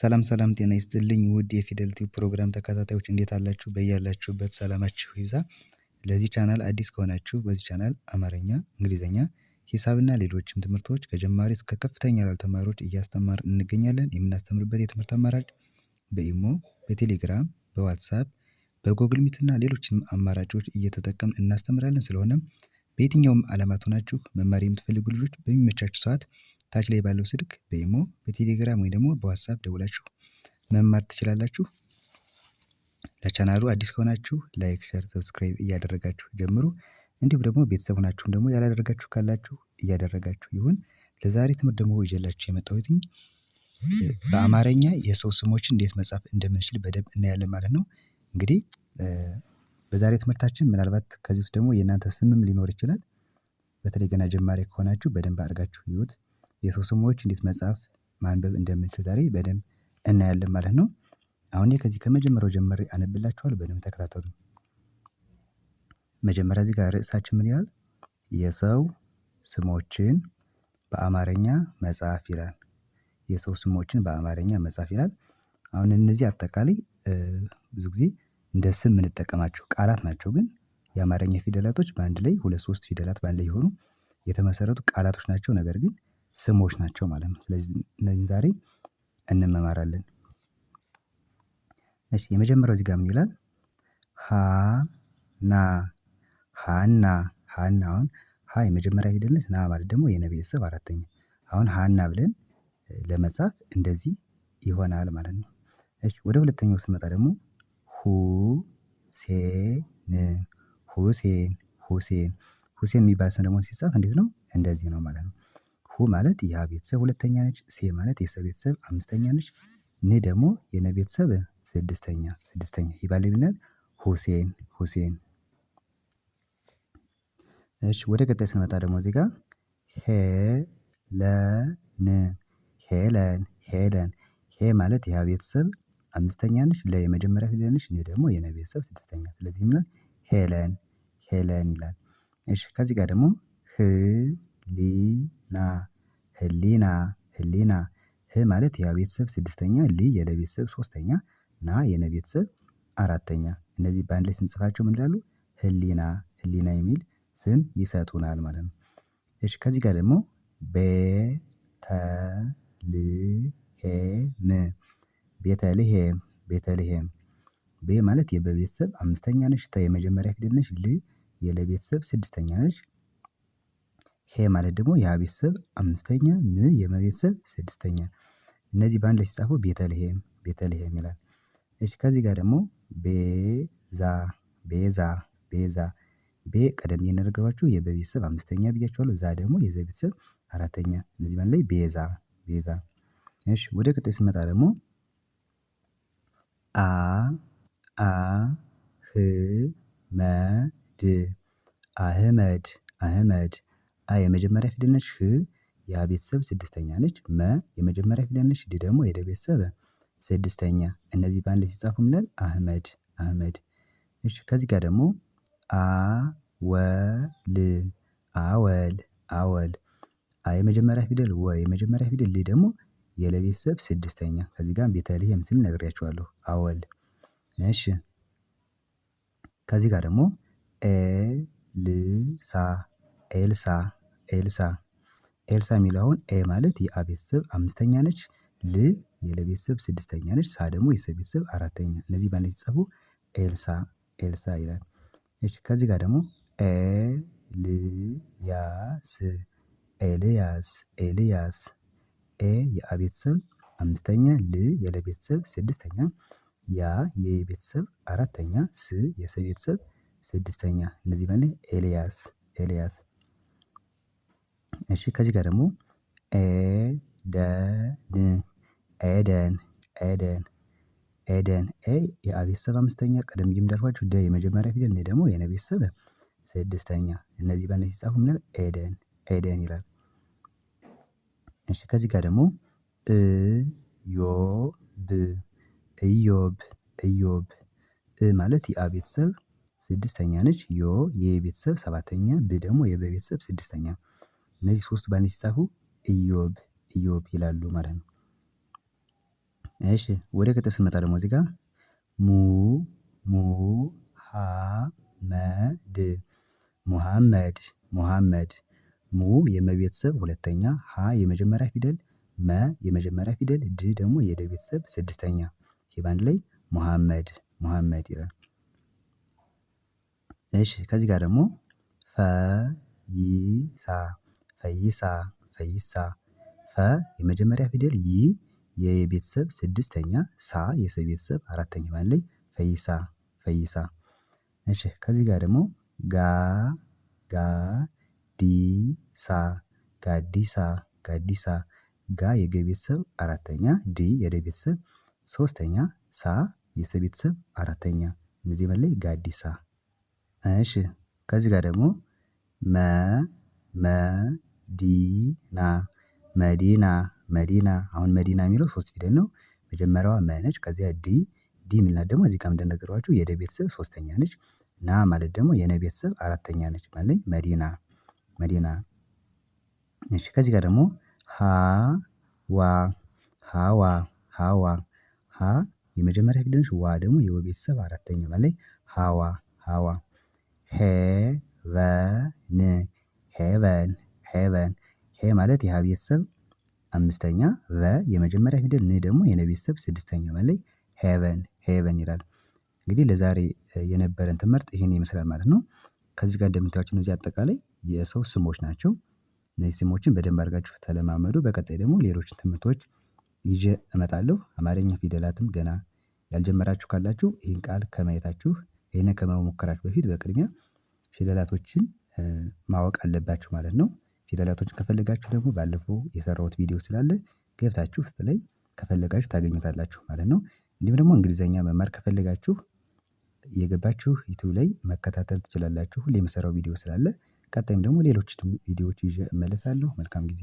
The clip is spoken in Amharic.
ሰላም ሰላም ጤና ይስጥልኝ ውድ የፊደል ቲዩብ ፕሮግራም ተከታታዮች እንዴት አላችሁ? በያላችሁበት ሰላማችሁ ይብዛ። ለዚህ ቻናል አዲስ ከሆናችሁ በዚህ ቻናል አማርኛ፣ እንግሊዝኛ፣ ሂሳብና ሌሎችም ትምህርቶች ከጀማሪ እስከ ከፍተኛ ላሉ ተማሪዎች እያስተማር እንገኛለን። የምናስተምርበት የትምህርት አማራጭ በኢሞ፣ በቴሌግራም፣ በዋትሳፕ፣ በጎግል ሚትና ሌሎችንም አማራጮች እየተጠቀምን እናስተምራለን። ስለሆነም በየትኛውም ዓለማት ሆናችሁ መማር የምትፈልጉ ልጆች በሚመቻችሁ ሰዓት ታች ላይ ባለው ስልክ በኢሞ በቴሌግራም ወይ ደግሞ በዋትሳፕ ደውላችሁ መማር ትችላላችሁ። ለቻናሉ አዲስ ከሆናችሁ ላይክ፣ ሸር፣ ሰብስክራይብ እያደረጋችሁ ጀምሩ። እንዲሁም ደግሞ ቤተሰብ ሆናችሁም ደግሞ ያላደረጋችሁ ካላችሁ እያደረጋችሁ ይሁን። ለዛሬ ትምህርት ደግሞ ይዤላችሁ የመጣሁት በአማርኛ የሰው ስሞችን እንዴት መጻፍ እንደምንችል በደንብ እናያለን ማለት ነው። እንግዲህ በዛሬ ትምህርታችን ምናልባት ከዚህ ውስጥ ደግሞ የእናንተ ስምም ሊኖር ይችላል። በተለይ ገና ጀማሪ ከሆናችሁ በደንብ አድርጋችሁ ይዩት። የሰው ስሞች እንዴት መጻፍ ማንበብ እንደምንችል ዛሬ በደንብ እናያለን ማለት ነው። አሁን ከዚህ ከመጀመሪያው ጀምሬ አነብላችኋለሁ በደንብ ተከታተሉ። መጀመሪያ እዚህ ጋር ርዕሳችን ምን ይላል? የሰው ስሞችን በአማርኛ መጻፍ ይላል። የሰው ስሞችን በአማርኛ መጻፍ ይላል። አሁን እነዚህ አጠቃላይ ብዙ ጊዜ እንደ ስም የምንጠቀማቸው ቃላት ናቸው። ግን የአማርኛ ፊደላቶች በአንድ ላይ ሁለት ሶስት ፊደላት በአንድ ላይ የሆኑ የተመሰረቱ ቃላቶች ናቸው። ነገር ግን ስሞች ናቸው ማለት ነው። ስለዚህ እነዚህን ዛሬ እንመማራለን። እሺ የመጀመሪያው እዚህ ጋር ምን ይላል? ሃና ሃና ሃና። አሁን ሀ የመጀመሪያ ፊደል ነች። ና ማለት ደግሞ የነ ቤተሰብ አራተኛ። አሁን ሃና ብለን ለመጻፍ እንደዚህ ይሆናል ማለት ነው። እሺ ወደ ሁለተኛው ስንመጣ ደግሞ ሁ ሴን ሁሴን ሁሴን ሁሴን የሚባል ስም ደግሞ ሲጻፍ እንዴት ነው? እንደዚህ ነው ማለት ነው። ሁ ማለት የሀ ቤተሰብ ሁለተኛ ነች። ሴ ማለት የሰ ቤተሰብ አምስተኛ ነች። ን ደግሞ የነ ቤተሰብ ስድስተኛ ስድስተኛ ይባል ሁሴን ሁሴን። እሺ ወደ ቀጣይ ስንመጣ ደግሞ እዚህ ጋር ሄለን ሄለን ሄለን ሄ ማለት የሀ ቤተሰብ አምስተኛ ነች። ለ የመጀመሪያ ፊደል ነች። ን ደግሞ የነ ቤተሰብ ስድስተኛ ስለዚህ ይብናል ሄለን ሄለን ይላል። እሺ ከዚህ ጋር ደግሞ ህሊና ህሊና ህሊና ህ ማለት ያ ቤተሰብ ስድስተኛ ሊ የለ ቤተሰብ ሶስተኛ ና የነ ቤተሰብ አራተኛ እነዚህ በአንድ ላይ ስንጽፋቸው ምን ይላሉ? ህሊና ህሊና የሚል ስም ይሰጡናል ማለት ነው። እሺ ከዚህ ጋር ደግሞ ቤተልሄም ቤተልሄም ቤተልሄም ቤ ማለት የበቤተሰብ አምስተኛ ነች ተ የመጀመሪያ ፊደል ነች ል የለቤተሰብ ስድስተኛ ነች ሄ ማለት ደግሞ የሀ ቤተሰብ አምስተኛ፣ ም የመቤተሰብ ስድስተኛ። እነዚህ በአንድ ላይ ሲጻፉ ቤተልሔም ቤተልሔም ይላል። እሺ ከዚህ ጋር ደግሞ ቤዛ ቤዛ ቤዛ ቤ ቀደም ብዬ እንደነገርኳችሁ አምስተኛ ብያችኋለሁ። ዛ ደግሞ የዘ ቤተሰብ አራተኛ። እነዚህ በአንድ ላይ ቤዛ ቤዛ። እሺ ወደ ቀጣይ ስንመጣ ደግሞ አ አ ህ መ ድ አህመድ አህመድ አ የመጀመሪያ ፊደል ነች። ህ የሀ ቤተሰብ ስድስተኛ ነች። መ የመጀመሪያ ፊደል ነች። ድ ደግሞ የደ ቤተሰብ ስድስተኛ። እነዚህ በአንድ ላይ ሲጻፉ ምንል አህመድ አህመድ። እሺ ከዚህ ጋር ደግሞ አ ወ ል አወል አወል። አ የመጀመሪያ ፊደል ወ የመጀመሪያ ፊደል ል ደግሞ የለ ቤተሰብ ስድስተኛ። ከዚህ ጋር ቤተልሔም ስል ነግሬያችኋለሁ። አወል እሺ ከዚህ ጋር ደግሞ ኤልሳ ኤልሳ ኤልሳ ኤልሳ የሚለውን ኤ ማለት የአ ቤተሰብ አምስተኛ ነች። ል የለ ቤተሰብ ስድስተኛ ነች። ሳ ደግሞ የሰ ቤተሰብ አራተኛ። እነዚህ በአንድ ሲጻፉ ኤልሳ ኤልሳ ይላል። እሺ ከዚህ ጋር ደግሞ ኤልያስ ኤልያስ ኤልያስ ኤ የአ ቤተሰብ አምስተኛ ል የለ ቤተሰብ ስድስተኛ ያ የቤተሰብ አራተኛ ስ የሰ ቤተሰብ ስድስተኛ እነዚህ በአንድ ኤልያስ ኤልያስ እሺ ከዚህ ጋር ደግሞ ኤደን ኤደን ኤደን ኤደን ኤ የአ አምስተኛ ቀደም ብዬ እንዳልኳችሁ ደ የመጀመሪያ ፊደል ነ ደግሞ የነ ቤተሰብ ስድስተኛ እነዚህ በነ ሲጻፉ ምንል ኤደን ኤደን ይላል። እሺ ከዚህ ጋር ደግሞ እዮብ እዮብ እዮብ እ ማለት የአቤተሰብ ስድስተኛ ነች። ዮ የቤተሰብ ሰባተኛ ብ ደግሞ የበቤተሰብ ቤተሰብ ስድስተኛ እነዚህ ሶስት በአንድ ሲጻፉ ኢዮብ ኢዮብ ይላሉ ማለት ነው። እሺ ወደ ቅጥር ስንመጣ ደግሞ እዚህ ጋር ሙ ሙ ሀ መ ድ ሙሐመድ ሙሐመድ ሙ የመቤተሰብ ሁለተኛ ሀ የመጀመሪያ ፊደል መ የመጀመሪያ ፊደል ድ ደግሞ የደ ቤተሰብ ስድስተኛ ይህ በአንድ ላይ ሙሐመድ ሙሐመድ ይላል። እሺ ከዚህ ጋር ደግሞ ፈይሳ ፈይሳ ፈይሳ ፈ የመጀመሪያ ፊደል ይ የቤተሰብ ስድስተኛ ሳ የሰ ቤተሰብ አራተኛ ማለት ላይ ፈይሳ ፈይሳ። እሺ ከዚህ ጋር ደግሞ ጋ ጋ ዲ ሳ ጋዲሳ ጋዲሳ ጋ የገ ቤተሰብ አራተኛ ዲ የደ ቤተሰብ ሶስተኛ ሳ የሰ ቤተሰብ አራተኛ እነዚህ በላይ ጋዲሳ። እሺ ከዚህ ጋር ደግሞ መ መ ዲና መዲና መዲና አሁን መዲና የሚለው ሶስት ፊደል ነው። መጀመሪያዋ መ ነች ከዚያ ዲ ዲ የምንላት ደግሞ እዚህ ጋር እንደነገሯችሁ የደ ቤተሰብ ሶስተኛ ነች። ና ማለት ደግሞ የነ ቤተሰብ አራተኛ ነች ማለት መዲና መዲና። እሺ ከዚህ ጋር ደግሞ ሀዋ ሀዋ ሀዋ ሀ የመጀመሪያ ፊደል ነች። ዋ ደግሞ የወ ቤተሰብ አራተኛ ማለት ሀዋ ሀዋ ሄ ቨን ሄቨን ሄቨን ሄ ማለት የሀ ቤተሰብ አምስተኛ ቨ የመጀመሪያ ፊደል ን ደግሞ የነ ቤተሰብ ስድስተኛ ማለት ሄቨን ሄቨን ይላል። እንግዲህ ለዛሬ የነበረን ትምህርት ይህን ይመስላል ማለት ነው። ከዚህ ጋር እንደምታዩቸው እነዚህ አጠቃላይ የሰው ስሞች ናቸው። እነዚህ ስሞችን በደንብ አድርጋችሁ ተለማመዱ። በቀጣይ ደግሞ ሌሎችን ትምህርቶች ይዤ እመጣለሁ። አማርኛ ፊደላትም ገና ያልጀመራችሁ ካላችሁ ይህን ቃል ከማየታችሁ ይህን ከመሞከራችሁ በፊት በቅድሚያ ፊደላቶችን ማወቅ አለባችሁ ማለት ነው። ፊደላቶችን ከፈለጋችሁ ደግሞ ባለፈው የሰራሁት ቪዲዮ ስላለ ገብታችሁ ውስጥ ላይ ከፈለጋችሁ ታገኙታላችሁ ማለት ነው። እንዲሁም ደግሞ እንግሊዘኛ መማር ከፈለጋችሁ የገባችሁ ዩቱብ ላይ መከታተል ትችላላችሁ። ሁሌ የምሰራው ቪዲዮ ስላለ ቀጣይም ደግሞ ሌሎች ቪዲዮዎች ይዤ እመለሳለሁ። መልካም ጊዜ